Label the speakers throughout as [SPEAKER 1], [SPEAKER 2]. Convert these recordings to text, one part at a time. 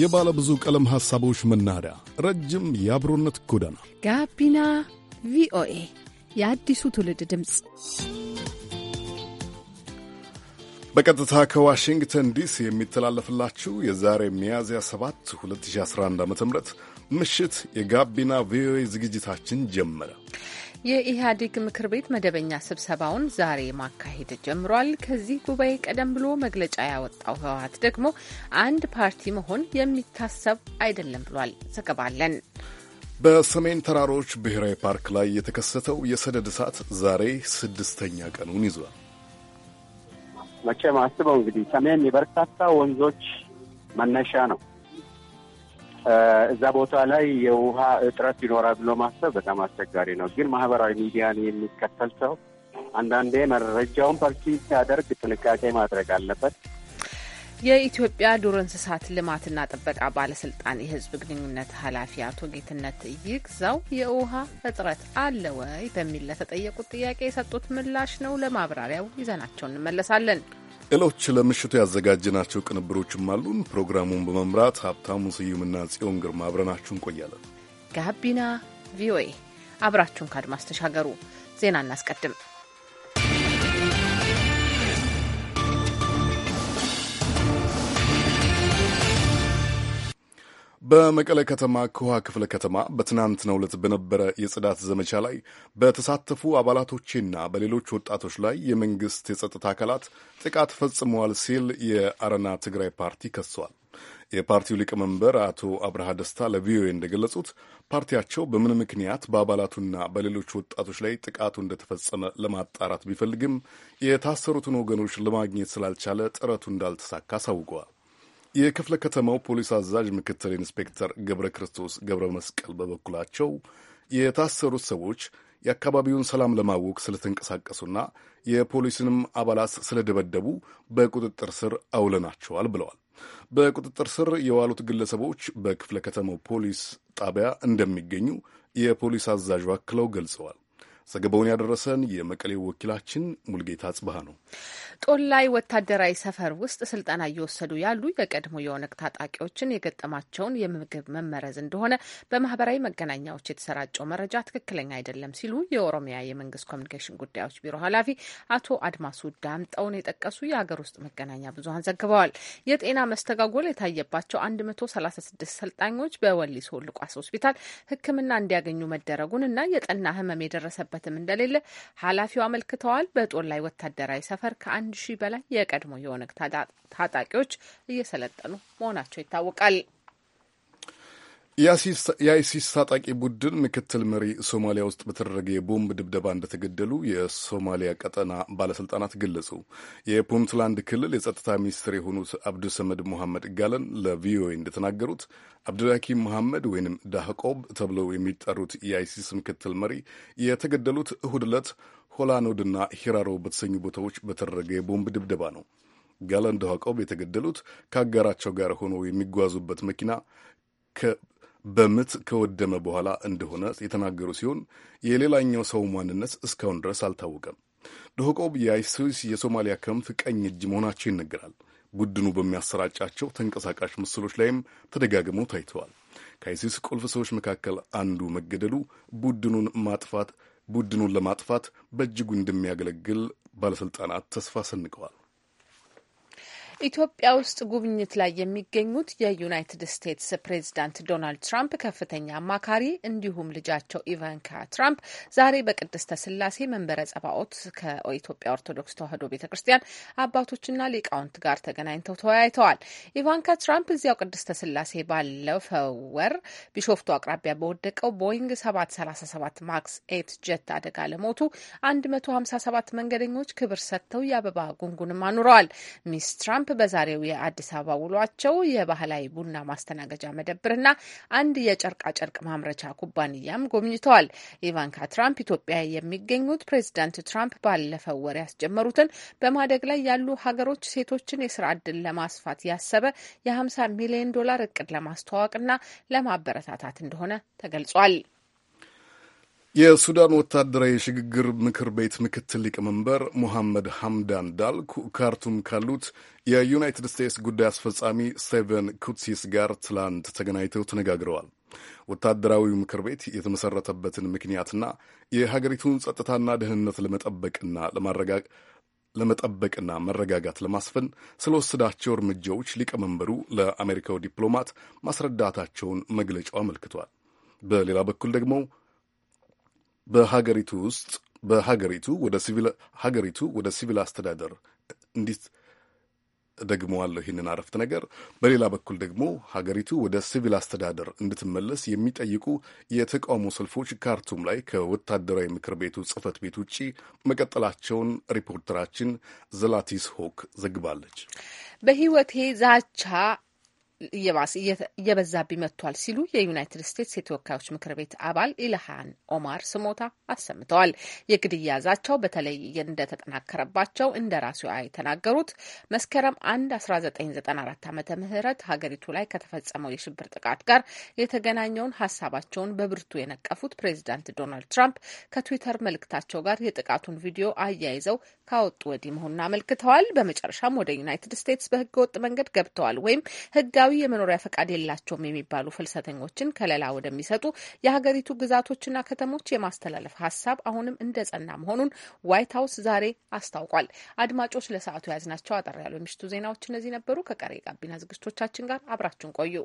[SPEAKER 1] የባለ ብዙ ቀለም ሐሳቦች መናኸሪያ፣ ረጅም የአብሮነት ጎዳና፣
[SPEAKER 2] ጋቢና ቪኦኤ የአዲሱ ትውልድ ድምፅ
[SPEAKER 1] በቀጥታ ከዋሽንግተን ዲሲ የሚተላለፍላችሁ የዛሬ ሚያዝያ 7 2011 ዓ ም ምሽት የጋቢና ቪኦኤ ዝግጅታችን ጀመረ።
[SPEAKER 2] የኢህአዴግ ምክር ቤት መደበኛ ስብሰባውን ዛሬ ማካሄድ ጀምሯል። ከዚህ ጉባኤ ቀደም ብሎ መግለጫ ያወጣው ህወሀት ደግሞ አንድ ፓርቲ መሆን የሚታሰብ አይደለም ብሏል። ዘገባ አለን።
[SPEAKER 1] በሰሜን ተራሮች ብሔራዊ ፓርክ ላይ የተከሰተው የሰደድ እሳት ዛሬ ስድስተኛ ቀኑን ይዟል።
[SPEAKER 3] መቼም አስበው እንግዲህ ሰሜን የበርካታ ወንዞች መነሻ ነው። እዛ ቦታ ላይ የውሃ እጥረት ይኖራል ብሎ ማሰብ በጣም አስቸጋሪ ነው። ግን ማህበራዊ ሚዲያን የሚከተል ሰው አንዳንዴ መረጃውን ፐርቲ ሲያደርግ ጥንቃቄ ማድረግ አለበት።
[SPEAKER 2] የኢትዮጵያ ዱር እንስሳት ልማትና ጥበቃ ባለስልጣን የህዝብ ግንኙነት ኃላፊ አቶ ጌትነት ይግዛው የውሃ እጥረት አለ ወይ በሚል ለተጠየቁት ጥያቄ የሰጡት ምላሽ ነው። ለማብራሪያው ይዘናቸው እንመለሳለን።
[SPEAKER 1] ሌሎች ለምሽቱ ያዘጋጅናቸው ቅንብሮችም አሉን። ፕሮግራሙን በመምራት ሀብታሙ ስዩምና ጽዮን ግርማ አብረናችሁ እንቆያለን።
[SPEAKER 2] ጋቢና ቪኦኤ አብራችሁን ከአድማስ ተሻገሩ። ዜና እናስቀድም።
[SPEAKER 1] በመቀለ ከተማ ከውሃ ክፍለ ከተማ በትናንትናው ዕለት በነበረ የጽዳት ዘመቻ ላይ በተሳተፉ አባላቶችና በሌሎች ወጣቶች ላይ የመንግሥት የጸጥታ አካላት ጥቃት ፈጽመዋል ሲል የአረና ትግራይ ፓርቲ ከሷል። የፓርቲው ሊቀመንበር አቶ አብርሃ ደስታ ለቪኦኤ እንደገለጹት ፓርቲያቸው በምን ምክንያት በአባላቱና በሌሎች ወጣቶች ላይ ጥቃቱ እንደተፈጸመ ለማጣራት ቢፈልግም የታሰሩትን ወገኖች ለማግኘት ስላልቻለ ጥረቱ እንዳልተሳካ አሳውቀዋል። የክፍለ ከተማው ፖሊስ አዛዥ ምክትል ኢንስፔክተር ገብረ ክርስቶስ ገብረ መስቀል በበኩላቸው የታሰሩት ሰዎች የአካባቢውን ሰላም ለማወቅ ስለተንቀሳቀሱና የፖሊስንም አባላት ስለደበደቡ በቁጥጥር ስር አውለናቸዋል ብለዋል። በቁጥጥር ስር የዋሉት ግለሰቦች በክፍለ ከተማው ፖሊስ ጣቢያ እንደሚገኙ የፖሊስ አዛዡ አክለው ገልጸዋል። ዘገባውን ያደረሰን የመቀሌው ወኪላችን ሙልጌታ ጽብሃ ነው።
[SPEAKER 2] ጦላይ ወታደራዊ ሰፈር ውስጥ ስልጠና እየወሰዱ ያሉ የቀድሞ የኦነግ ታጣቂዎችን የገጠማቸውን የምግብ መመረዝ እንደሆነ በማህበራዊ መገናኛዎች የተሰራጨው መረጃ ትክክለኛ አይደለም ሲሉ የኦሮሚያ የመንግስት ኮሚኒኬሽን ጉዳዮች ቢሮ ኃላፊ አቶ አድማሱ ዳምጠውን የጠቀሱ የሀገር ውስጥ መገናኛ ብዙሀን ዘግበዋል። የጤና መስተጓጎል የታየባቸው 136 ሰልጣኞች በወሊሶ ልቋስ ሆስፒታል ሕክምና እንዲያገኙ መደረጉን እና የጠና ህመም የደረሰበትም እንደሌለ ኃላፊው አመልክተዋል። በጦላይ ወታደራዊ ሰፈር ሰፈር ከአንድ ሺህ በላይ የቀድሞ የኦነግ ታጣቂዎች እየሰለጠኑ መሆናቸው ይታወቃል።
[SPEAKER 1] የአይሲስ ታጣቂ ቡድን ምክትል መሪ ሶማሊያ ውስጥ በተደረገ የቦምብ ድብደባ እንደተገደሉ የሶማሊያ ቀጠና ባለስልጣናት ገለጹ። የፑንትላንድ ክልል የጸጥታ ሚኒስትር የሆኑት አብዱሰመድ ሙሐመድ ጋለን ለቪኦኤ እንደተናገሩት አብዱልሐኪም መሐመድ ወይንም ዳህቆብ ተብለው የሚጠሩት የአይሲስ ምክትል መሪ የተገደሉት እሁድ ዕለት ሆላኖድና ሂራሮ በተሰኙ ቦታዎች በተደረገ የቦምብ ድብደባ ነው። ጋለን ዳህቆብ የተገደሉት ከአጋራቸው ጋር ሆኖ የሚጓዙበት መኪና በምት ከወደመ በኋላ እንደሆነ የተናገሩ ሲሆን የሌላኛው ሰው ማንነት እስካሁን ድረስ አልታወቀም። ድሆቆብ የአይሲስ የሶማሊያ ክንፍ ቀኝ እጅ መሆናቸው ይነገራል። ቡድኑ በሚያሰራጫቸው ተንቀሳቃሽ ምስሎች ላይም ተደጋግመው ታይተዋል። ከአይሲስ ቁልፍ ሰዎች መካከል አንዱ መገደሉ ቡድኑን ማጥፋት ቡድኑን ለማጥፋት በእጅጉ እንደሚያገለግል ባለሥልጣናት ተስፋ ሰንቀዋል።
[SPEAKER 2] ኢትዮጵያ ውስጥ ጉብኝት ላይ የሚገኙት የዩናይትድ ስቴትስ ፕሬዚዳንት ዶናልድ ትራምፕ ከፍተኛ አማካሪ እንዲሁም ልጃቸው ኢቫንካ ትራምፕ ዛሬ በቅድስተ ስላሴ መንበረ ጸባኦት ከኢትዮጵያ ኦርቶዶክስ ተዋሕዶ ቤተ ክርስቲያን አባቶችና ሊቃውንት ጋር ተገናኝተው ተወያይተዋል። ኢቫንካ ትራምፕ እዚያው ቅድስተ ስላሴ ባለፈው ወር ቢሾፍቱ አቅራቢያ በወደቀው ቦይንግ 737 ማክስ ኤት ጀት አደጋ ለሞቱ 157 መንገደኞች ክብር ሰጥተው የአበባ ጉንጉንም አኑረዋል። ሚስ ትራምፕ በዛሬው የአዲስ አበባ ውሏቸው የባህላዊ ቡና ማስተናገጃ መደብርና አንድ የጨርቃጨርቅ ማምረቻ ኩባንያም ጎብኝተዋል። ኢቫንካ ትራምፕ ኢትዮጵያ የሚገኙት ፕሬዚዳንት ትራምፕ ባለፈው ወር ያስጀመሩትን በማደግ ላይ ያሉ ሀገሮች ሴቶችን የስራ እድል ለማስፋት ያሰበ የ50 ሚሊዮን ዶላር እቅድ ለማስተዋወቅና ለማበረታታት እንደሆነ ተገልጿል።
[SPEAKER 1] የሱዳን ወታደራዊ የሽግግር ምክር ቤት ምክትል ሊቀመንበር ሙሐመድ ሐምዳን ዳል ካርቱም ካሉት የዩናይትድ ስቴትስ ጉዳይ አስፈጻሚ ስቴቨን ኩትሲስ ጋር ትላንት ተገናኝተው ተነጋግረዋል። ወታደራዊው ምክር ቤት የተመሠረተበትን ምክንያትና የሀገሪቱን ጸጥታና ደህንነት ለመጠበቅና ለማረጋግ ለመጠበቅና መረጋጋት ለማስፈን ስለወሰዳቸው እርምጃዎች ሊቀመንበሩ ለአሜሪካው ዲፕሎማት ማስረዳታቸውን መግለጫው አመልክቷል። በሌላ በኩል ደግሞ በሀገሪቱ ውስጥ በሀገሪቱ ወደ ሲቪል ሀገሪቱ ወደ ሲቪል አስተዳደር እንዲት ደግመዋለሁ ይህንን አረፍት ነገር። በሌላ በኩል ደግሞ ሀገሪቱ ወደ ሲቪል አስተዳደር እንድትመለስ የሚጠይቁ የተቃውሞ ሰልፎች ካርቱም ላይ ከወታደራዊ ምክር ቤቱ ጽህፈት ቤት ውጪ መቀጠላቸውን ሪፖርተራችን ዘላቲስ ሆክ ዘግባለች።
[SPEAKER 2] በህይወቴ ዛቻ እየባስ እየበዛብኝ መጥቷል ሲሉ የዩናይትድ ስቴትስ የተወካዮች ምክር ቤት አባል ኢልሃን ኦማር ስሞታ አሰምተዋል። የግድያ ዛቻው በተለይ እንደተጠናከረባቸው እንደራሴዋ የተናገሩት መስከረም 1 1994 ዓ ምህረት ሀገሪቱ ላይ ከተፈጸመው የሽብር ጥቃት ጋር የተገናኘውን ሀሳባቸውን በብርቱ የነቀፉት ፕሬዚዳንት ዶናልድ ትራምፕ ከትዊተር መልእክታቸው ጋር የጥቃቱን ቪዲዮ አያይዘው ካወጡ ወዲህ መሆኑን አመልክተዋል። በመጨረሻም ወደ ዩናይትድ ስቴትስ በህገወጥ መንገድ ገብተዋል ወይም ህጋዊ ጊዜያዊ የመኖሪያ ፈቃድ የላቸውም የሚባሉ ፍልሰተኞችን ከለላ ወደሚሰጡ የሀገሪቱ ግዛቶችና ከተሞች የማስተላለፍ ሀሳብ አሁንም እንደጸና መሆኑን ዋይት ሀውስ ዛሬ አስታውቋል። አድማጮች ለሰዓቱ የያዝናቸው አጠር ያሉ የምሽቱ ዜናዎች እነዚህ ነበሩ። ከቀሪ ጋቢና ዝግጅቶቻችን ጋር አብራችሁን ቆዩ።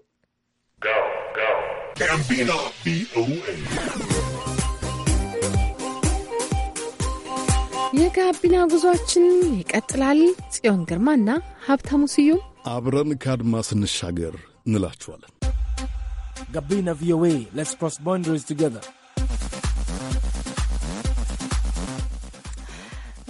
[SPEAKER 2] የጋቢና ጉዟችን ይቀጥላል። ጽዮን ግርማና ሀብታሙ ስዩም
[SPEAKER 1] አብረን ከአድማ ስንሻገር እንላችኋለን።
[SPEAKER 4] ጋቢና ቪኦኤ ሌትስ ክሮስ ባውንደሪስ ቱጌዘር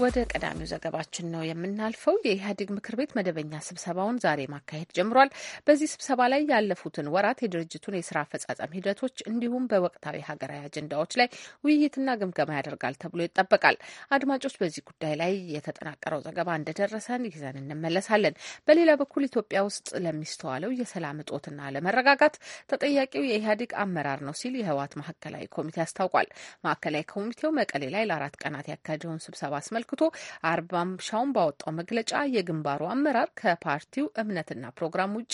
[SPEAKER 2] ወደ ቀዳሚው ዘገባችን ነው የምናልፈው። የኢህአዴግ ምክር ቤት መደበኛ ስብሰባውን ዛሬ ማካሄድ ጀምሯል። በዚህ ስብሰባ ላይ ያለፉትን ወራት የድርጅቱን የስራ አፈጻጸም ሂደቶች እንዲሁም በወቅታዊ ሀገራዊ አጀንዳዎች ላይ ውይይትና ግምገማ ያደርጋል ተብሎ ይጠበቃል። አድማጮች፣ በዚህ ጉዳይ ላይ የተጠናቀረው ዘገባ እንደደረሰን ይዘን እንመለሳለን። በሌላ በኩል ኢትዮጵያ ውስጥ ለሚስተዋለው የሰላም እጦትና ለመረጋጋት ተጠያቂው የኢህአዴግ አመራር ነው ሲል የህወሓት ማዕከላዊ ኮሚቴ አስታውቋል። ማዕከላዊ ኮሚቴው መቀሌ ላይ ለአራት ቀናት ያካሄደውን ስብሰባ አስመልክ አስመልክቶ አርባም ሻውን ባወጣው መግለጫ የግንባሩ አመራር ከፓርቲው እምነትና ፕሮግራም ውጪ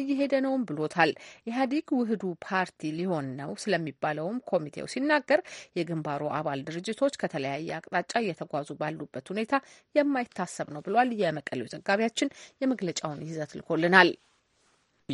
[SPEAKER 2] እየሄደ ነውም ብሎታል። ኢህአዴግ ውህዱ ፓርቲ ሊሆን ነው ስለሚባለውም ኮሚቴው ሲናገር የግንባሩ አባል ድርጅቶች ከተለያየ አቅጣጫ እየተጓዙ ባሉበት ሁኔታ የማይታሰብ ነው ብሏል። የመቀሌው ዘጋቢያችን የመግለጫውን ይዘት ልኮልናል።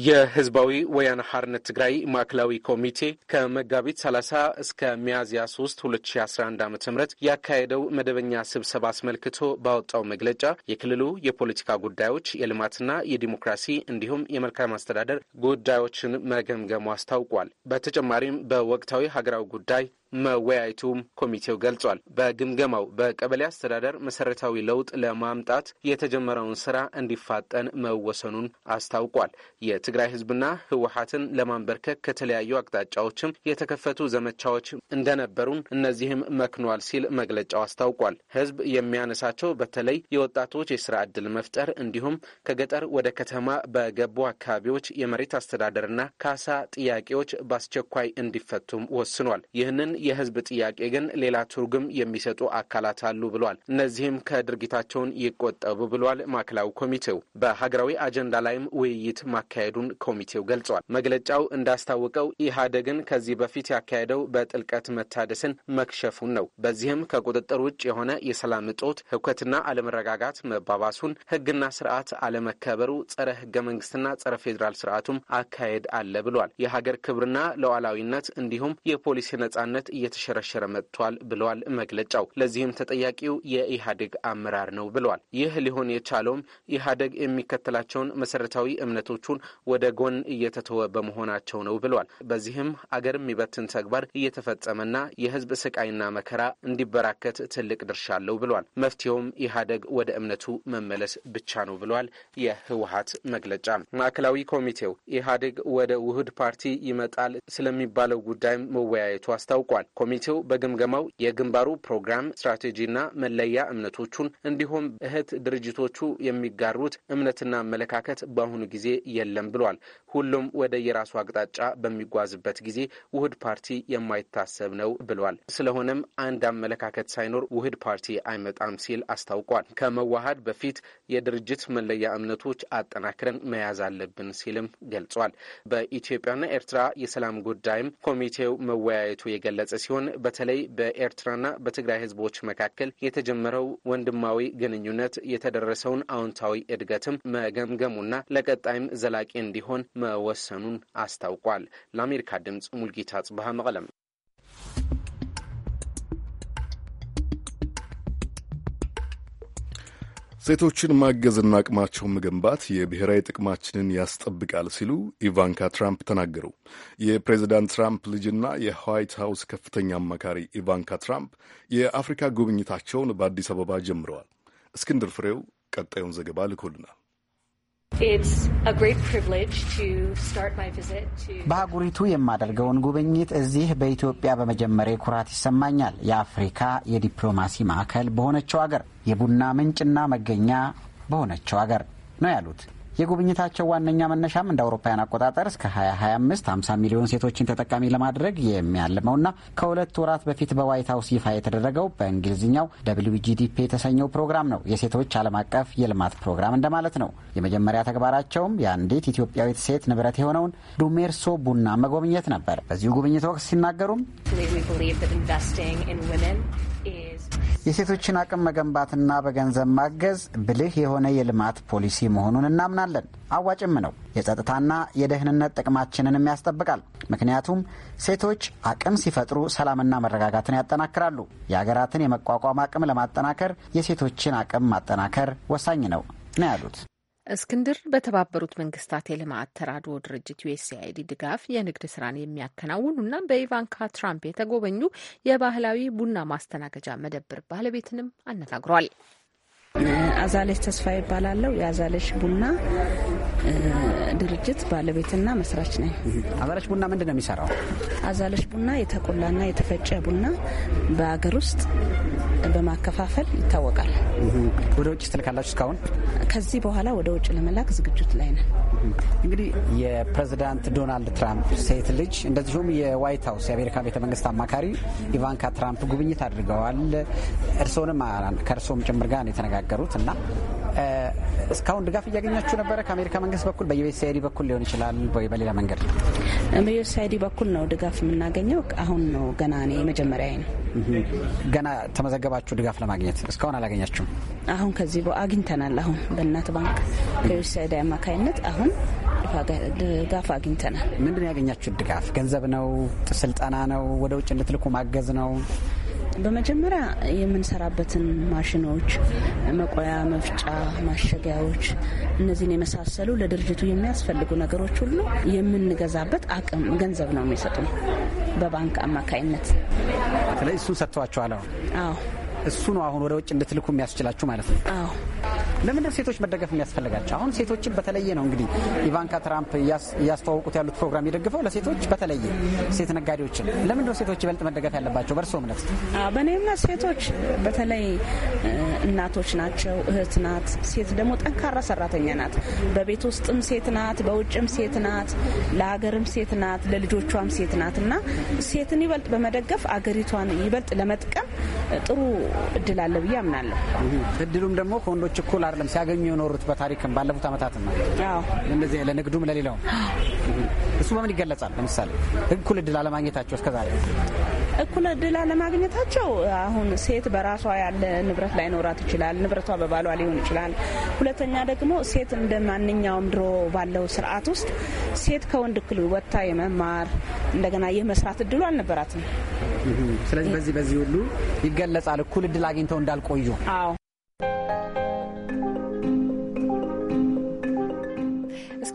[SPEAKER 4] የህዝባዊ ወያነ ሐርነት ትግራይ ማዕከላዊ ኮሚቴ ከመጋቢት 30 እስከ ሚያዝያ 3 2011 ዓ ም ያካሄደው መደበኛ ስብሰባ አስመልክቶ ባወጣው መግለጫ የክልሉ የፖለቲካ ጉዳዮች የልማትና የዲሞክራሲ እንዲሁም የመልካም አስተዳደር ጉዳዮችን መገምገሙ አስታውቋል። በተጨማሪም በወቅታዊ ሀገራዊ ጉዳይ መወያየቱም ኮሚቴው ገልጿል። በግምገማው በቀበሌ አስተዳደር መሰረታዊ ለውጥ ለማምጣት የተጀመረውን ስራ እንዲፋጠን መወሰኑን አስታውቋል። የትግራይ ህዝብና ህወሀትን ለማንበርከክ ከተለያዩ አቅጣጫዎችም የተከፈቱ ዘመቻዎች እንደነበሩን እነዚህም መክኗል ሲል መግለጫው አስታውቋል። ህዝብ የሚያነሳቸው በተለይ የወጣቶች የስራ ዕድል መፍጠር እንዲሁም ከገጠር ወደ ከተማ በገቡ አካባቢዎች የመሬት አስተዳደርና ካሳ ጥያቄዎች በአስቸኳይ እንዲፈቱም ወስኗል። ይህንን የህዝብ ጥያቄ ግን ሌላ ትርጉም የሚሰጡ አካላት አሉ ብሏል። እነዚህም ከድርጊታቸውን ይቆጠቡ ብሏል። ማዕከላዊ ኮሚቴው በሀገራዊ አጀንዳ ላይም ውይይት ማካሄዱን ኮሚቴው ገልጿል። መግለጫው እንዳስታወቀው ኢህአዴግን ከዚህ በፊት ያካሄደው በጥልቀት መታደስን መክሸፉን ነው። በዚህም ከቁጥጥር ውጭ የሆነ የሰላም እጦት፣ ህውከትና አለመረጋጋት መባባሱን፣ ህግና ስርዓት አለመከበሩ፣ ጸረ ህገ መንግስትና ጸረ ፌዴራል ስርዓቱም አካሄድ አለ ብሏል። የሀገር ክብርና ሉዓላዊነት እንዲሁም የፖሊሲ ነጻነት እየተሸረሸረ መጥቷል ብለዋል መግለጫው። ለዚህም ተጠያቂው የኢህአዴግ አመራር ነው ብለዋል። ይህ ሊሆን የቻለውም ኢህአዴግ የሚከተላቸውን መሰረታዊ እምነቶቹን ወደ ጎን እየተተወ በመሆናቸው ነው ብለዋል። በዚህም አገር የሚበትን ተግባር እየተፈጸመና የህዝብ ስቃይና መከራ እንዲበራከት ትልቅ ድርሻ አለው ብለዋል። መፍትሄውም ኢህአዴግ ወደ እምነቱ መመለስ ብቻ ነው ብለዋል። የህወሀት መግለጫ ማዕከላዊ ኮሚቴው ኢህአዴግ ወደ ውህድ ፓርቲ ይመጣል ስለሚባለው ጉዳይም መወያየቱ አስታውቋል። አድርጓል። ኮሚቴው በግምገማው የግንባሩ ፕሮግራም ስትራቴጂና መለያ እምነቶቹን እንዲሁም እህት ድርጅቶቹ የሚጋሩት እምነትና አመለካከት በአሁኑ ጊዜ የለም ብሏል። ሁሉም ወደ የራሱ አቅጣጫ በሚጓዝበት ጊዜ ውህድ ፓርቲ የማይታሰብ ነው ብሏል። ስለሆነም አንድ አመለካከት ሳይኖር ውህድ ፓርቲ አይመጣም ሲል አስታውቋል። ከመዋሃድ በፊት የድርጅት መለያ እምነቶች አጠናክረን መያዝ አለብን ሲልም ገልጿል። በኢትዮጵያና ኤርትራ የሰላም ጉዳይም ኮሚቴው መወያየቱ የገለጸ የገለጸ ሲሆን በተለይ በኤርትራና በትግራይ ህዝቦች መካከል የተጀመረው ወንድማዊ ግንኙነት የተደረሰውን አዎንታዊ እድገትም መገምገሙና ለቀጣይም ዘላቂ እንዲሆን መወሰኑን አስታውቋል። ለአሜሪካ ድምጽ ሙልጌታ ጽብሃ መቀለም
[SPEAKER 1] ሴቶችን ማገዝና አቅማቸውን መገንባት የብሔራዊ ጥቅማችንን ያስጠብቃል ሲሉ ኢቫንካ ትራምፕ ተናገሩ። የፕሬዚዳንት ትራምፕ ልጅና የዋይት ሀውስ ከፍተኛ አማካሪ ኢቫንካ ትራምፕ የአፍሪካ ጉብኝታቸውን በአዲስ አበባ ጀምረዋል። እስክንድር ፍሬው ቀጣዩን ዘገባ ልኮልናል።
[SPEAKER 5] በአህጉሪቱ የማደርገውን ጉብኝት እዚህ በኢትዮጵያ በመጀመሪያ ኩራት ይሰማኛል። የአፍሪካ የዲፕሎማሲ ማዕከል በሆነችው አገር የቡና ምንጭና መገኛ በሆነችው አገር ነው ያሉት የጉብኝታቸው ዋነኛ መነሻም እንደ አውሮፓውያን አቆጣጠር እስከ 2025 50 ሚሊዮን ሴቶችን ተጠቃሚ ለማድረግ የሚያልመውና ከሁለት ወራት በፊት በዋይት ሀውስ ይፋ የተደረገው በእንግሊዝኛው ደብሊው ጂዲፒ የተሰኘው ፕሮግራም ነው። የሴቶች ዓለም አቀፍ የልማት ፕሮግራም እንደማለት ነው። የመጀመሪያ ተግባራቸውም የአንዲት ኢትዮጵያዊት ሴት ንብረት የሆነውን ዱሜርሶ ቡና መጎብኘት ነበር። በዚሁ ጉብኝት ወቅት ሲናገሩም የሴቶችን አቅም መገንባትና በገንዘብ ማገዝ ብልህ የሆነ የልማት ፖሊሲ መሆኑን እናምናለን። አዋጭም ነው። የጸጥታና የደህንነት ጥቅማችንንም ያስጠብቃል። ምክንያቱም ሴቶች አቅም ሲፈጥሩ ሰላምና መረጋጋትን ያጠናክራሉ። የሀገራትን የመቋቋም አቅም ለማጠናከር የሴቶችን አቅም ማጠናከር ወሳኝ ነው ነው ያሉት።
[SPEAKER 2] እስክንድር በተባበሩት መንግስታት የልማት ተራድኦ ድርጅት ዩኤስኤአይዲ ድጋፍ የንግድ ስራን የሚያከናውኑና በኢቫንካ ትራምፕ የተጎበኙ የባህላዊ ቡና ማስተናገጃ መደብር ባለቤትንም አነጋግሯል። አዛለሽ ተስፋ ይባላለው። የአዛለሽ ቡና ድርጅት ባለቤትና መስራች
[SPEAKER 6] ነኝ። አዛለሽ ቡና ምንድን ነው የሚሰራው? አዛለሽ ቡና የተቆላና የተፈጨ ቡና በሀገር ውስጥ በማከፋፈል ይታወቃል።
[SPEAKER 5] ወደ ውጭ ስትልካላችሁ እስካሁን?
[SPEAKER 6] ከዚህ በኋላ ወደ ውጭ ለመላክ ዝግጅት ላይ ነን። እንግዲህ
[SPEAKER 5] የፕሬዚዳንት ዶናልድ ትራምፕ ሴት ልጅ እንደዚሁም የዋይት ሀውስ የአሜሪካ ቤተ መንግስት አማካሪ ኢቫንካ ትራምፕ ጉብኝት አድርገዋል። እርስዎንም ከእርስዎም ጭምር ጋር ነው የተነጋገሩት እና እስካሁን ድጋፍ እያገኛችሁ ነበረ? ከአሜሪካ መንግስት በኩል በዩኤስአይዲ በኩል ሊሆን ይችላል ወይ በሌላ መንገድ?
[SPEAKER 6] በዩኤስአይዲ በኩል ነው ድጋፍ የምናገኘው። አሁን ነው ገና እኔ መጀመሪያ ነው።
[SPEAKER 5] ገና ተመዘገባችሁ ድጋፍ ለማግኘት? እስካሁን አላገኛችሁም?
[SPEAKER 6] አሁን ከዚህ አግኝተናል። አሁን በእናት ባንክ በዩኤስአይዲ አማካኝነት አሁን ድጋፍ አግኝተናል።
[SPEAKER 5] ምንድን ያገኛችሁት ድጋፍ? ገንዘብ ነው? ስልጠና ነው? ወደ ውጭ እንድትልኩ ማገዝ ነው?
[SPEAKER 6] በመጀመሪያ የምንሰራበትን ማሽኖች፣ መቆያ፣ መፍጫ፣ ማሸጊያዎች እነዚህን የመሳሰሉ ለድርጅቱ የሚያስፈልጉ ነገሮች ሁሉ የምንገዛበት አቅም ገንዘብ ነው የሚሰጡ በባንክ አማካይነት።
[SPEAKER 5] ስለዚህ እሱን ሰጥተዋቸዋል። አዎ እሱ ነው አሁን ወደ ውጭ እንድትልኩ የሚያስችላችሁ ማለት ነው። አዎ ለምንድነው ሴቶች መደገፍ የሚያስፈልጋቸው? አሁን ሴቶችን በተለየ ነው እንግዲህ ኢቫንካ ትራምፕ እያስተዋወቁት ያሉት ፕሮግራም የደግፈው ለሴቶች በተለየ ሴት ነጋዴዎችን ለምንድነው ሴቶች ይበልጥ መደገፍ ያለባቸው በእርስዎ እምነት?
[SPEAKER 6] በእኔ እምነት ሴቶች በተለይ እናቶች ናቸው፣ እህት ናት። ሴት ደግሞ ጠንካራ ሰራተኛ ናት። በቤት ውስጥም ሴት ናት፣ በውጭም ሴት ናት፣ ለሀገርም ሴት ናት፣ ለልጆቿም ሴት ናት እና ሴትን ይበልጥ በመደገፍ አገሪቷን ይበልጥ ለመጥቀም ጥሩ እድል አለ ብዬ አምናለሁ።
[SPEAKER 5] እድሉም ደግሞ ከወንዶች እኩል አይደለም ሲያገኙ የኖሩት በታሪክም ባለፉት ዓመታት ነው። እንደዚህ ለንግዱም ለሌላውም እሱ በምን ይገለጻል? ለምሳሌ እኩል እድል አለማግኘታቸው እስከዛሬ
[SPEAKER 6] እኩል እድል አለማግኘታቸው አሁን ሴት በራሷ ያለ ንብረት ላይኖራት ይችላል። ንብረቷ በባሏ ሊሆን ይችላል። ሁለተኛ ደግሞ ሴት እንደ ማንኛውም ድሮ ባለው ስርዓት ውስጥ ሴት ከወንድ እኩል ወጥታ የመማር እንደገና የመስራት እድሉ አልነበራትም።
[SPEAKER 5] ስለዚህ በዚህ በዚህ ሁሉ ይገለጻል እኩል እድል አግኝተው እንዳልቆዩ።
[SPEAKER 6] አዎ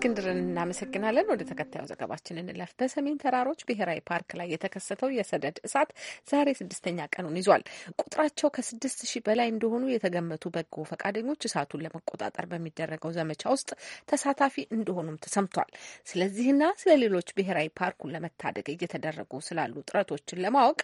[SPEAKER 2] እስክንድርን እናመሰግናለን። ወደ ተከታዩ ዘገባችን እንለፍ። በሰሜን ተራሮች ብሔራዊ ፓርክ ላይ የተከሰተው የሰደድ እሳት ዛሬ ስድስተኛ ቀኑን ይዟል። ቁጥራቸው ከስድስት ሺህ በላይ እንደሆኑ የተገመቱ በጎ ፈቃደኞች እሳቱን ለመቆጣጠር በሚደረገው ዘመቻ ውስጥ ተሳታፊ እንደሆኑም ተሰምቷል። ስለዚህና ስለ ሌሎች ብሔራዊ ፓርኩን ለመታደግ እየተደረጉ ስላሉ ጥረቶችን ለማወቅ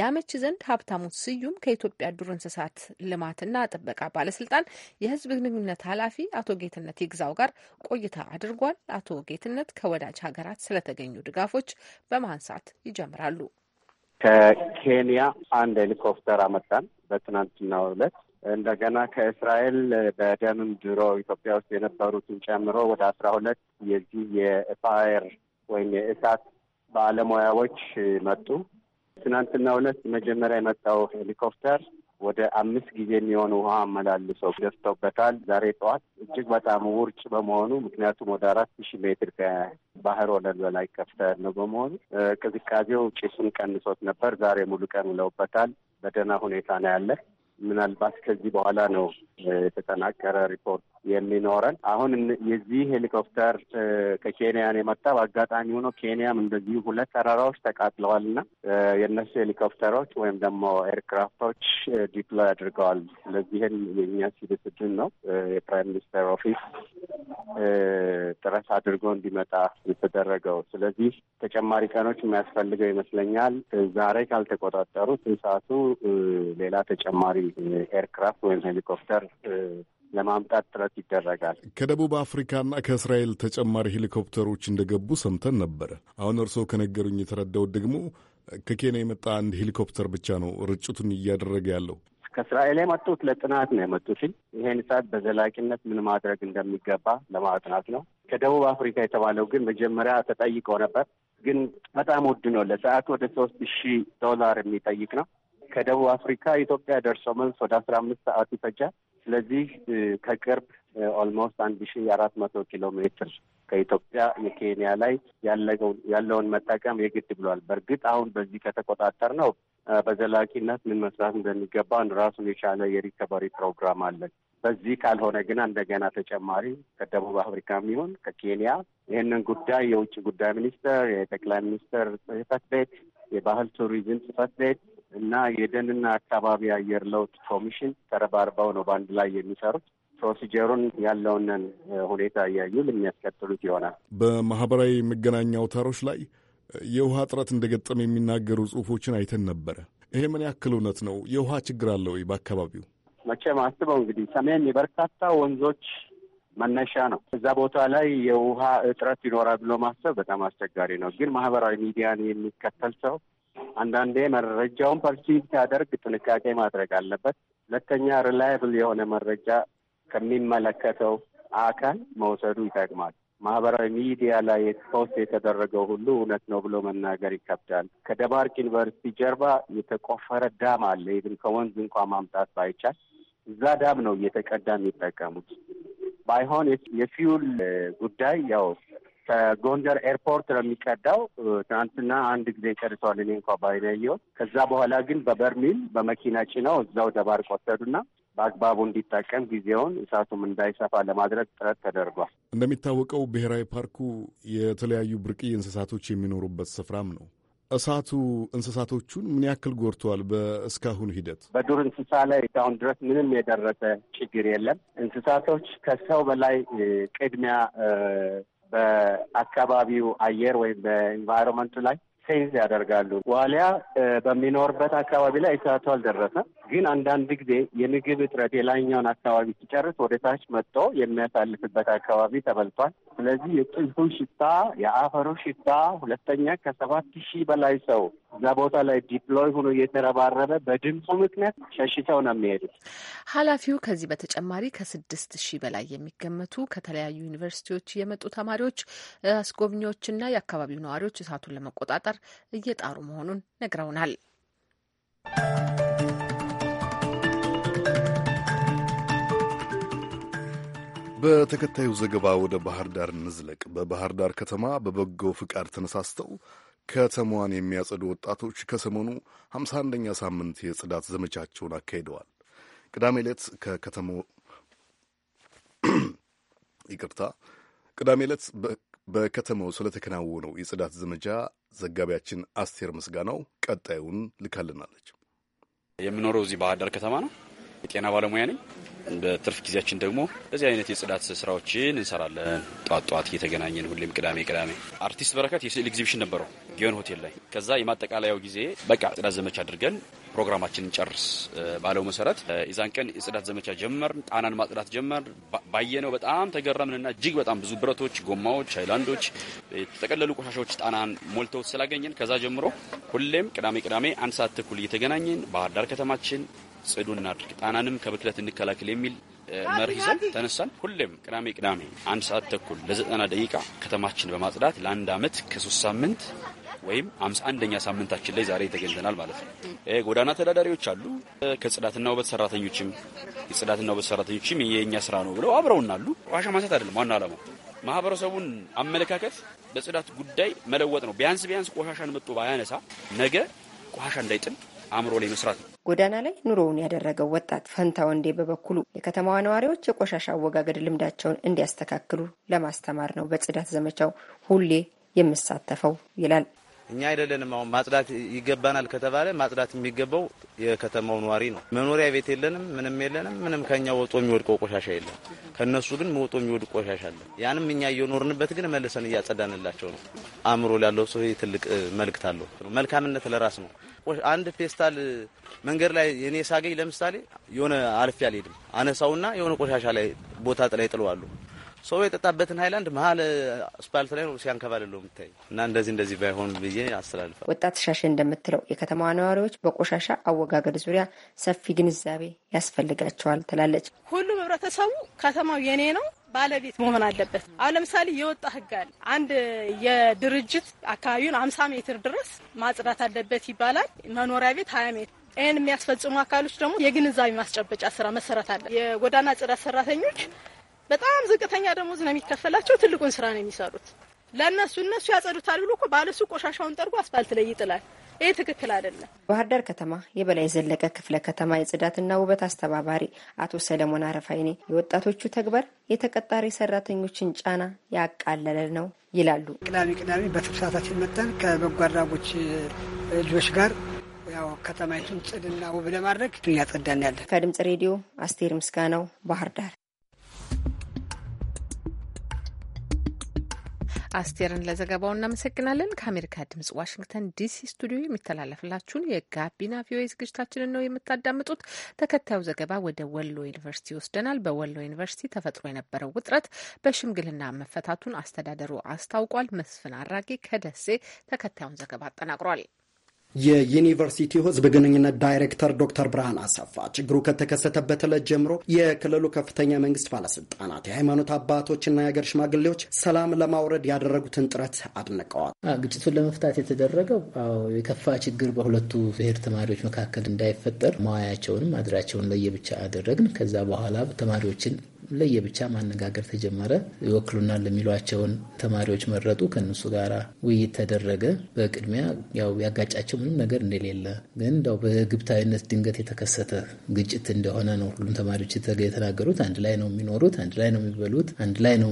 [SPEAKER 2] የአመች ዘንድ ሀብታሙ ስዩም ከኢትዮጵያ ዱር እንስሳት ልማትና ጥበቃ ባለስልጣን የህዝብ ግንኙነት ኃላፊ አቶ ጌትነት ይግዛው ጋር ቆይታ አድርጓል። አድርጓል። አቶ ጌትነት ከወዳጅ ሀገራት ስለተገኙ ድጋፎች በማንሳት ይጀምራሉ።
[SPEAKER 3] ከኬንያ አንድ ሄሊኮፕተር አመጣን በትናንትናው ዕለት። እንደገና ከእስራኤል በደምም ድሮ ኢትዮጵያ ውስጥ የነበሩትን ጨምሮ ወደ አስራ ሁለት የዚህ የፋየር ወይም የእሳት ባለሙያዎች መጡ። ትናንትና ዕለት መጀመሪያ የመጣው ሄሊኮፕተር ወደ አምስት ጊዜ የሚሆን ውሃ አመላልሰው ገፍተውበታል። ዛሬ ጠዋት እጅግ በጣም ውርጭ በመሆኑ ምክንያቱም ወደ አራት ሺህ ሜትር ከባህር ወለል በላይ ከፍተ ነው በመሆኑ ቅዝቃዜው ጭሱን ቀንሶት ነበር። ዛሬ ሙሉ ቀን ውለውበታል። በደህና ሁኔታ ነው ያለ። ምናልባት ከዚህ በኋላ ነው የተጠናቀረ ሪፖርት የሚኖረን። አሁን የዚህ ሄሊኮፕተር ከኬንያን የመጣ በአጋጣሚ ሆኖ ኬንያም እንደዚሁ ሁለት ተራራዎች ተቃጥለዋል እና የእነሱ ሄሊኮፕተሮች ወይም ደግሞ ኤርክራፍቶች ዲፕሎይ አድርገዋል። ስለዚህን የኛ ሲቪል ነው የፕራይም ሚኒስተር ኦፊስ ጥረት አድርጎ እንዲመጣ የተደረገው። ስለዚህ ተጨማሪ ቀኖች የሚያስፈልገው ይመስለኛል። ዛሬ ካልተቆጣጠሩት ሰዓቱ ሌላ ተጨማሪ ኤርክራፍት ወይም ሄሊኮፕተር ለማምጣት
[SPEAKER 1] ጥረት ይደረጋል። ከደቡብ አፍሪካና ከእስራኤል ተጨማሪ ሄሊኮፕተሮች እንደገቡ ሰምተን ነበረ። አሁን እርስዎ ከነገሩኝ የተረዳሁት ደግሞ ከኬንያ የመጣ አንድ ሄሊኮፕተር ብቻ ነው ርጭቱን እያደረገ ያለው።
[SPEAKER 3] ከእስራኤል የመጡት ለጥናት ነው የመጡት። ይሄን እሳት በዘላቂነት ምን ማድረግ እንደሚገባ ለማጥናት ነው። ከደቡብ አፍሪካ የተባለው ግን መጀመሪያ ተጠይቀው ነበር፣ ግን በጣም ውድ ነው። ለሰዓት ወደ ሶስት ሺህ ዶላር የሚጠይቅ ነው። ከደቡብ አፍሪካ ኢትዮጵያ ደርሶ መልስ ወደ አስራ አምስት ሰዓት ይፈጃል። ስለዚህ ከቅርብ ኦልሞስት አንድ ሺ አራት መቶ ኪሎ ሜትር ከኢትዮጵያ የኬንያ ላይ ያለውን መጠቀም የግድ ብሏል። በእርግጥ አሁን በዚህ ከተቆጣጠር ነው በዘላቂነት ምን መስራት እንደሚገባን ራሱን የቻለ የሪከቨሪ ፕሮግራም አለን። በዚህ ካልሆነ ግን እንደገና ተጨማሪ ከደቡብ አፍሪካ የሚሆን ከኬንያ ይህንን ጉዳይ የውጭ ጉዳይ ሚኒስቴር፣ የጠቅላይ ሚኒስትር ጽህፈት ቤት፣ የባህል ቱሪዝም ጽህፈት ቤት እና የደንና አካባቢ አየር ለውጥ ኮሚሽን ተረባርበው ነው በአንድ ላይ የሚሰሩት። ፕሮሲጀሩን ያለውን ሁኔታ እያዩ የሚያስከትሉት ይሆናል።
[SPEAKER 1] በማህበራዊ መገናኛ አውታሮች ላይ የውሃ እጥረት እንደገጠመ የሚናገሩ ጽሁፎችን አይተን ነበረ። ይሄ ምን ያክል እውነት ነው? የውሃ ችግር አለ ወይ በአካባቢው?
[SPEAKER 3] መቼም አስበው እንግዲህ ሰሜን የበርካታ ወንዞች መነሻ ነው። እዛ ቦታ ላይ የውሃ እጥረት ይኖራል ብሎ ማሰብ በጣም አስቸጋሪ ነው። ግን ማህበራዊ ሚዲያን የሚከተል ሰው አንዳንዴ መረጃውን ፐርሲቭ ሲያደርግ ጥንቃቄ ማድረግ አለበት። ሁለተኛ ሪላያብል የሆነ መረጃ ከሚመለከተው አካል መውሰዱ ይጠቅማል። ማህበራዊ ሚዲያ ላይ ፖስት የተደረገው ሁሉ እውነት ነው ብሎ መናገር ይከብዳል። ከደባርቅ ዩኒቨርሲቲ ጀርባ የተቆፈረ ዳም አለ። ይህን ከወንዝ እንኳ ማምጣት ባይቻል እዛ ዳም ነው እየተቀዳ የሚጠቀሙት። ባይሆን የፊውል ጉዳይ ያው ከጎንደር ኤርፖርት ነው የሚቀዳው። ትናንትና አንድ ጊዜ ቀድተዋል፣ እኔ እንኳ ባይለየው። ከዛ በኋላ ግን በበርሚል በመኪና ጭነው እዛው ደባርቅ ወሰዱና በአግባቡ እንዲጠቀም ጊዜውን እሳቱም እንዳይሰፋ ለማድረግ ጥረት ተደርጓል።
[SPEAKER 1] እንደሚታወቀው ብሔራዊ ፓርኩ የተለያዩ ብርቅዬ እንስሳቶች የሚኖሩበት ስፍራም ነው። እሳቱ እንስሳቶቹን ምን ያክል ጎድተዋል? በእስካሁን ሂደት
[SPEAKER 3] በዱር እንስሳ ላይ እስካሁን ድረስ ምንም የደረሰ ችግር የለም። እንስሳቶች ከሰው በላይ ቅድሚያ በአካባቢው አየር ወይም በኤንቫይሮንመንቱ ላይ ሴንስ ያደርጋሉ። ዋሊያ በሚኖርበት አካባቢ ላይ እሳቱ አልደረሰም፣ ግን አንዳንድ ጊዜ የምግብ እጥረት የላይኛውን አካባቢ ሲጨርስ ወደ ታች መጥቶ የሚያሳልፍበት አካባቢ ተበልቷል። ስለዚህ የጥልፉ ሽታ፣ የአፈሩ ሽታ ሁለተኛ ከሰባት ሺህ በላይ ሰው እዛ ቦታ ላይ ዲፕሎይ ሆኖ እየተረባረበ በድምፁ ምክንያት ሸሽተው ነው የሚሄዱት።
[SPEAKER 2] ኃላፊው ከዚህ በተጨማሪ ከስድስት ሺህ በላይ የሚገመቱ ከተለያዩ ዩኒቨርሲቲዎች የመጡ ተማሪዎች፣ አስጎብኚዎችና የአካባቢው ነዋሪዎች እሳቱን ለመቆጣጠር ለመቆጣጠር እየጣሩ መሆኑን ነግረውናል።
[SPEAKER 1] በተከታዩ ዘገባ ወደ ባህር ዳር እንዝለቅ። በባህር ዳር ከተማ በበጎ ፍቃድ ተነሳስተው ከተማዋን የሚያጸዱ ወጣቶች ከሰሞኑ 51ኛ ሳምንት የጽዳት ዘመቻቸውን አካሂደዋል። ቅዳሜ ዕለት ከከተማው ይቅርታ፣ ቅዳሜ ዕለት በከተማው ስለተከናወነው የጽዳት ዘመቻ ዘጋቢያችን አስቴር ምስጋናው ቀጣዩን ልካልናለች።
[SPEAKER 7] የምኖረው እዚህ ባህር ዳር ከተማ ነው። የጤና ባለሙያ ነኝ። በትርፍ ጊዜያችን ደግሞ በዚህ አይነት የጽዳት ስራዎችን እንሰራለን። ጧት ጧት እየተገናኘን ሁሌም ቅዳሜ ቅዳሜ አርቲስት በረከት የስዕል ኤግዚቢሽን ነበረው ጊዮን ሆቴል ላይ። ከዛ የማጠቃለያው ጊዜ በቃ ጽዳት ዘመቻ አድርገን ፕሮግራማችንን ጨርስ ባለው መሰረት የዛን ቀን የጽዳት ዘመቻ ጀመርን። ጣናን ማጽዳት ጀመር። ባየነው በጣም ተገረምንና እጅግ በጣም ብዙ ብረቶች፣ ጎማዎች፣ ሃይላንዶች፣ የተጠቀለሉ ቆሻሻዎች ጣናን ሞልተውት ስላገኘን ከዛ ጀምሮ ሁሌም ቅዳሜ ቅዳሜ አንድ ሰዓት ተኩል እየተገናኘን ባህር ዳር ከተማችን ጽዱ እናድርግ፣ ጣናንም ከብክለት እንከላከል የሚል መርህ ይዘን ተነሳን። ሁሌም ቅዳሜ ቅዳሜ አንድ ሰዓት ተኩል ለዘጠና ደቂቃ ከተማችን በማጽዳት ለአንድ ዓመት ከሶስት ሳምንት ወይም አምሳ አንደኛ ሳምንታችን ላይ ዛሬ ተገኝተናል ማለት ነው። ጎዳና ተዳዳሪዎች አሉ። ከጽዳትና ውበት ሰራተኞችም የጽዳትና ውበት ሰራተኞችም የእኛ ስራ ነው ብለው አብረውን አሉ። ዋሻ ማንሳት አይደለም ዋና ዓላማው ማህበረሰቡን አመለካከት በጽዳት ጉዳይ መለወጥ ነው። ቢያንስ ቢያንስ ቆሻሻን መጡ ባያነሳ ነገ ቆሻሻ እንዳይጥል አእምሮ ላይ መስራት ነው።
[SPEAKER 8] ጎዳና ላይ ኑሮውን ያደረገው ወጣት ፈንታ ወንዴ በበኩሉ የከተማዋ ነዋሪዎች የቆሻሻ አወጋገድ ልምዳቸውን እንዲያስተካክሉ ለማስተማር ነው በጽዳት ዘመቻው ሁሌ የምሳተፈው ይላል።
[SPEAKER 4] እኛ አይደለንም። አሁን ማጽዳት ይገባናል ከተባለ ማጽዳት የሚገባው የከተማው ነዋሪ ነው። መኖሪያ ቤት የለንም፣ ምንም የለንም። ምንም ከኛ ወጦ የሚወድቀው ቆሻሻ የለም። ከእነሱ ግን ወጦ የሚወድቅ ቆሻሻ አለ። ያንም እኛ እየኖርንበት ግን መልሰን እያጸዳንላቸው ነው። አእምሮ ላለው ሰው ትልቅ መልእክት አለው። መልካምነት ለራስ ነው። አንድ ፌስታል መንገድ ላይ የኔ ሳገኝ ለምሳሌ የሆነ አልፌ አልሄድም። አነሳውና የሆነ ቆሻሻ ላይ ቦታ ላይ ጥለዋለሁ። ሰው የጠጣበትን ሀይላንድ መሀል አስፓልት ላይ ነው ሲያንከባልሉ የምታይ እና እንደዚህ እንደዚህ ባይሆን ብዬ አስተላልፋል።
[SPEAKER 8] ወጣት ሻሸ እንደምትለው የከተማዋ ነዋሪዎች በቆሻሻ አወጋገድ ዙሪያ ሰፊ ግንዛቤ ያስፈልጋቸዋል ትላለች።
[SPEAKER 4] ሁሉም
[SPEAKER 6] ህብረተሰቡ ከተማው የኔ ነው ባለቤት መሆን አለበት። አሁን ለምሳሌ የወጣ ህግ አለ። አንድ የድርጅት አካባቢውን አምሳ ሜትር ድረስ ማጽዳት አለበት ይባላል። መኖሪያ ቤት ሀያ ሜትር ይህን የሚያስፈጽሙ አካሎች ደግሞ የግንዛቤ ማስጨበጫ ስራ መሰረት አለ። የጎዳና ጽዳት ሰራተኞች በጣም ዝቅተኛ ደሞዝ ነው የሚከፈላቸው። ትልቁን ስራ ነው የሚሰሩት። ለእነሱ እነሱ ያጸዱታል ብሎ እኮ ባለሱ ቆሻሻውን ጠርጎ አስፋልት ላይ ይጥላል። ይህ ትክክል አይደለም።
[SPEAKER 8] ባህር ዳር ከተማ የበላይ ዘለቀ ክፍለ ከተማ የጽዳትና ውበት አስተባባሪ አቶ ሰለሞን አረፋይኔ የወጣቶቹ ተግባር የተቀጣሪ ሰራተኞችን ጫና ያቃለለ ነው ይላሉ። ቅዳሜ ቅዳሜ በትርፍ መጠን ከበጎ አድራጎች ልጆች ጋር ያው ከተማይቱን ጽድና ውብ ለማድረግ እያጸዳን ያለን። ከድምጽ ሬዲዮ አስቴር ምስጋናው ባህር ዳር
[SPEAKER 2] አስቴርን ለዘገባው እናመሰግናለን። ከአሜሪካ ድምጽ ዋሽንግተን ዲሲ ስቱዲዮ የሚተላለፍላችሁን የጋቢና ቪኦኤ ዝግጅታችንን ነው የምታዳምጡት። ተከታዩ ዘገባ ወደ ወሎ ዩኒቨርሲቲ ይወስደናል። በወሎ ዩኒቨርሲቲ ተፈጥሮ የነበረው ውጥረት በሽምግልና መፈታቱን አስተዳደሩ አስታውቋል። መስፍን አራጌ ከደሴ ተከታዩን ዘገባ አጠናቅሯል።
[SPEAKER 9] የዩኒቨርሲቲው ህዝብ ግንኙነት ዳይሬክተር ዶክተር ብርሃን አሰፋ ችግሩ ከተከሰተበት ዕለት ጀምሮ የክልሉ ከፍተኛ መንግስት ባለስልጣናት፣ የሃይማኖት አባቶችና የሀገር ሽማግሌዎች ሰላም ለማውረድ ያደረጉትን ጥረት አድንቀዋል።
[SPEAKER 10] ግጭቱን ለመፍታት የተደረገው የከፋ ችግር በሁለቱ ብሔር ተማሪዎች መካከል እንዳይፈጠር መዋያቸውንም አድራቸውን ለየብቻ አደረግን። ከዛ በኋላ ተማሪዎችን ለየብቻ ማነጋገር ተጀመረ። ይወክሉናል የሚሏቸውን ተማሪዎች መረጡ። ከእነሱ ጋር ውይይት ተደረገ። በቅድሚያ ያው ያጋጫቸው ምንም ነገር እንደሌለ ግን ው በግብታዊነት ድንገት የተከሰተ ግጭት እንደሆነ ነው ሁሉም ተማሪዎች የተናገሩት። አንድ ላይ ነው የሚኖሩት፣ አንድ ላይ ነው የሚበሉት፣ አንድ ላይ ነው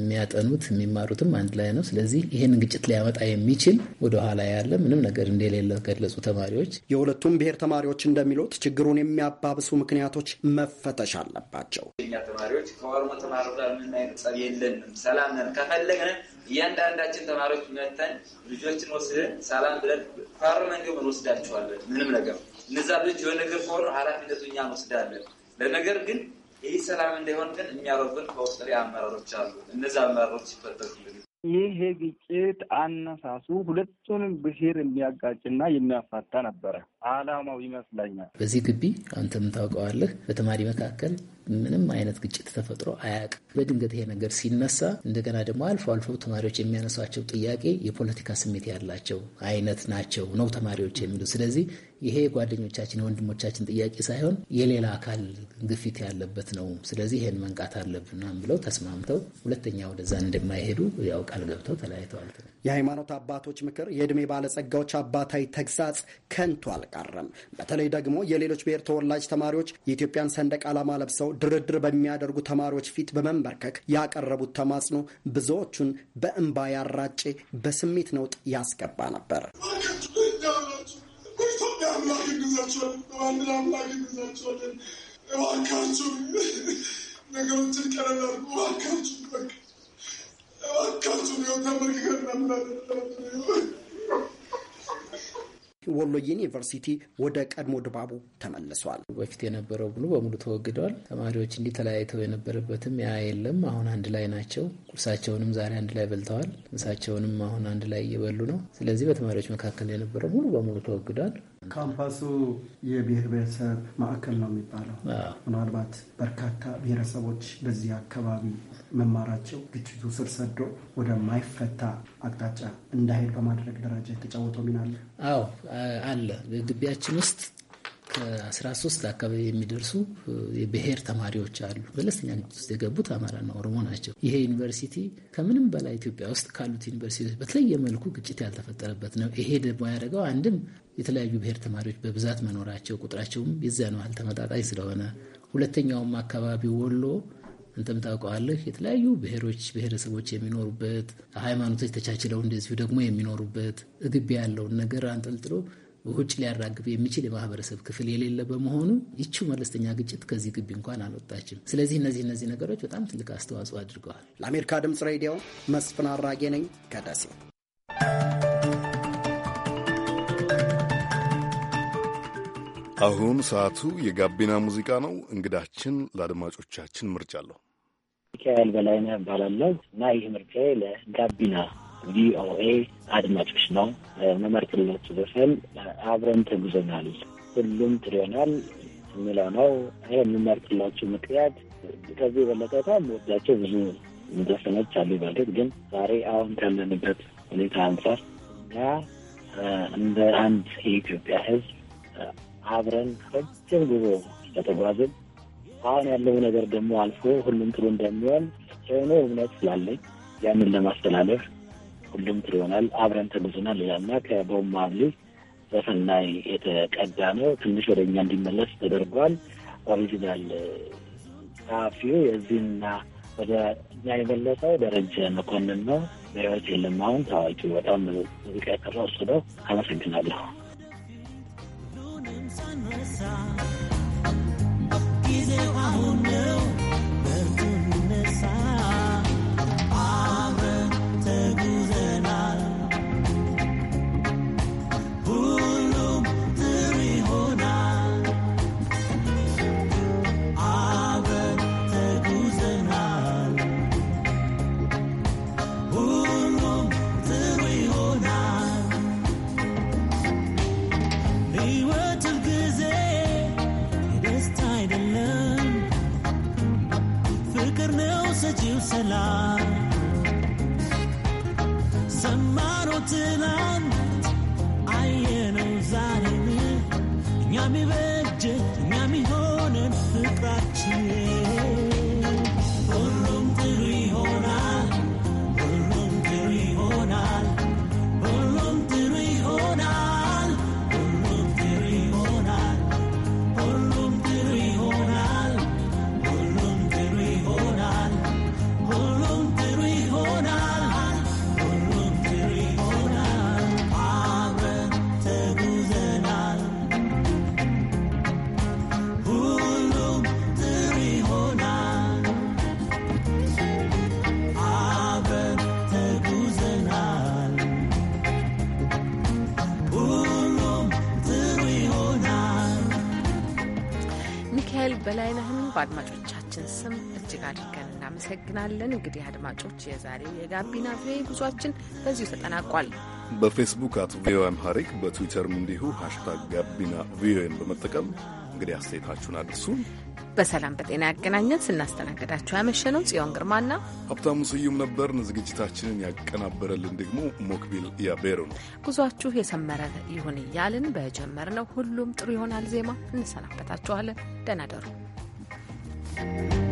[SPEAKER 10] የሚያጠኑት፣ የሚማሩትም አንድ ላይ ነው። ስለዚህ ይህን ግጭት ሊያመጣ የሚችል ወደኋላ ያለ ምንም ነገር እንደሌለ ገለጹ ተማሪዎች።
[SPEAKER 9] የሁለቱም ብሔር ተማሪዎች እንደሚሉት ችግሩን የሚያባብሱ ምክንያቶች መፈተሽ አለባቸው።
[SPEAKER 7] ተማሪዎች ከኦሮሞ ተማሪዎች ጋር አይነት ጸብ የለንም፣ ሰላም ነን። ከፈለግን እያንዳንዳችን ተማሪዎች መተን ልጆችን ወስደን ሰላም ብለን ፓርላማ እንዲሁም እንወስዳቸዋለን። ምንም ነገር እነዛ ልጅ የሆነ ነገር ከሆኑ ኃላፊነቱ እኛ እንወስዳለን። ለነገር ግን ይህ ሰላም እንዳይሆን ግን የሚያረጉን ከውስጥ አመራሮች አሉ። እነዛ አመራሮች ይፈጠሩልን።
[SPEAKER 3] ይህ ግጭት አነሳሱ ሁለቱንም ብሄር የሚያጋጭና የሚያፋታ ነበረ አላማው ይመስለኛል።
[SPEAKER 10] በዚህ ግቢ አንተም ታውቀዋለህ፣ በተማሪ መካከል ምንም አይነት ግጭት ተፈጥሮ አያውቅም። በድንገት ይሄ ነገር ሲነሳ እንደገና ደግሞ አልፎ አልፎ ተማሪዎች የሚያነሷቸው ጥያቄ የፖለቲካ ስሜት ያላቸው አይነት ናቸው ነው ተማሪዎች የሚሉ ስለዚህ ይሄ የጓደኞቻችን የወንድሞቻችን ጥያቄ ሳይሆን የሌላ አካል ግፊት ያለበት ነው። ስለዚህ ይሄን መንቃት አለብና ብለው ተስማምተው ሁለተኛ ወደዛ እንደማይሄዱ ያው ቃል ገብተው ተለያይተዋል።
[SPEAKER 9] የሃይማኖት አባቶች ምክር፣ የዕድሜ ባለጸጋዎች አባታዊ ተግሳጽ ከንቱ አልቀረም። በተለይ ደግሞ የሌሎች ብሔር ተወላጅ ተማሪዎች የኢትዮጵያን ሰንደቅ ዓላማ ለብሰው ድርድር በሚያደርጉ ተማሪዎች ፊት በመንበርከክ ያቀረቡት ተማጽኖ ብዙዎቹን በእንባ ያራጬ በስሜት ነውጥ ያስገባ ነበር።
[SPEAKER 11] ነገሮችን ቀለል አድርጉ
[SPEAKER 10] ወሎዬን ዩኒቨርሲቲ ወደ ቀድሞ ድባቡ ተመልሷል። በፊት የነበረው ሙሉ በሙሉ ተወግደዋል። ተማሪዎች እንዲህ ተለያይተው የነበረበትም ያ የለም። አሁን አንድ ላይ ናቸው። ቁርሳቸውንም ዛሬ አንድ ላይ በልተዋል። ምሳቸውንም አሁን አንድ ላይ እየበሉ ነው። ስለዚህ በተማሪዎች መካከል የነበረው ሙሉ በሙሉ ተወግዷል።
[SPEAKER 9] ካምፓሱ የብሔር ብሔረሰብ ማዕከል ነው የሚባለው። ምናልባት በርካታ ብሔረሰቦች በዚህ አካባቢ መማራቸው ግጭቱ ስር ሰዶ ወደማይፈታ አቅጣጫ እንዳሄድ በማድረግ ደረጃ የተጫወተው ሚና አለ።
[SPEAKER 10] አዎ አለ። ግቢያችን ውስጥ ከ13 አካባቢ የሚደርሱ የብሔር ተማሪዎች አሉ። በለስተኛ ግጭት ውስጥ የገቡት አማራና ኦሮሞ ናቸው። ይሄ ዩኒቨርሲቲ ከምንም በላይ ኢትዮጵያ ውስጥ ካሉት ዩኒቨርሲቲዎች በተለየ መልኩ ግጭት ያልተፈጠረበት ነው። ይሄ ደግሞ ያደረገው አንድም የተለያዩ ብሔር ተማሪዎች በብዛት መኖራቸው ቁጥራቸውም የዚያን ያህል ተመጣጣኝ ስለሆነ፣ ሁለተኛውም አካባቢ ወሎ አንተም ታውቀዋለህ የተለያዩ ብሔሮች ብሔረሰቦች የሚኖሩበት ሃይማኖቶች ተቻችለው እንደዚሁ ደግሞ የሚኖሩበት ግቢ ያለውን ነገር አንጠልጥሎ ውጭ ሊያራግብ የሚችል የማህበረሰብ ክፍል የሌለ በመሆኑ ይቺው መለስተኛ ግጭት ከዚህ ግቢ እንኳን አልወጣችም። ስለዚህ እነዚህ እነዚህ ነገሮች በጣም ትልቅ አስተዋጽኦ አድርገዋል።
[SPEAKER 9] ለአሜሪካ ድምጽ ሬዲዮ መስፍን አራጌ ነኝ ከደሴ።
[SPEAKER 1] አሁን ሰዓቱ የጋቢና ሙዚቃ ነው። እንግዳችን ለአድማጮቻችን ምርጫ አለሁ።
[SPEAKER 10] ሚካኤል በላይነህ እባላለሁ እና ይህ ምርጫ ለጋቢና ቪኦኤ አድማጮች ነው መመርክላቸው ዘፈን አብረን ተጉዘናል። ሁሉም ትሪዮናል የሚለው ነው። ይህ የምመርክላቸው ምክንያት ከዚህ የበለጠ በጣም ወዳቸው ብዙ ዘፈኖች አሉ። በእርግጥ ግን ዛሬ አሁን ካለንበት ሁኔታ አንጻር እና እንደ አንድ የኢትዮጵያ ሕዝብ አብረን ረጅም ጉዞ ከተጓዝን አሁን ያለው ነገር ደግሞ አልፎ ሁሉም ጥሩ እንደሚሆን የሆነ እምነት ስላለኝ ያንን ለማስተላለፍ ሁሉም ጥሩ ይሆናል አብረን ተጉዘናል ይላልና ከቦብ ማርሌ ዘፈን የተቀዳ ነው። ትንሽ ወደ እኛ እንዲመለስ ተደርጓል። ኦሪጂናል ጸሐፊው የዚህና ወደ እኛ የመለሰው ደረጀ መኮንን ነው። በህይወት የለም አሁን ታዋቂ በጣም ሙዚቃ የሰራው እሱ ነው። አመሰግናለሁ።
[SPEAKER 11] ጊዜው አሁን
[SPEAKER 2] በአድማጮቻችን ስም እጅግ አድርገን እናመሰግናለን። እንግዲህ አድማጮች የዛሬ የጋቢና ቪኦኤ ጉዟችን በዚሁ ተጠናቋል።
[SPEAKER 1] በፌስቡክ አት ቪኦኤ አምሃሪክ በትዊተርም እንዲሁ ሀሽታግ ጋቢና ቪኦኤን በመጠቀም እንግዲህ አስተያየታችሁን አድርሱ።
[SPEAKER 2] በሰላም በጤና ያገናኘን። ስናስተናግዳችሁ ያመሸነው ጽዮን
[SPEAKER 1] ግርማና ሀብታሙ ስዩም ነበርን። ዝግጅታችንን ያቀናበረልን ደግሞ ሞክቢል ያቤሮ ነው።
[SPEAKER 2] ጉዟችሁ የሰመረ ይሁን እያልን በጀመርነው ሁሉም ጥሩ ይሆናል ዜማ እንሰናበታችኋለን። ደህና ደሩ። you.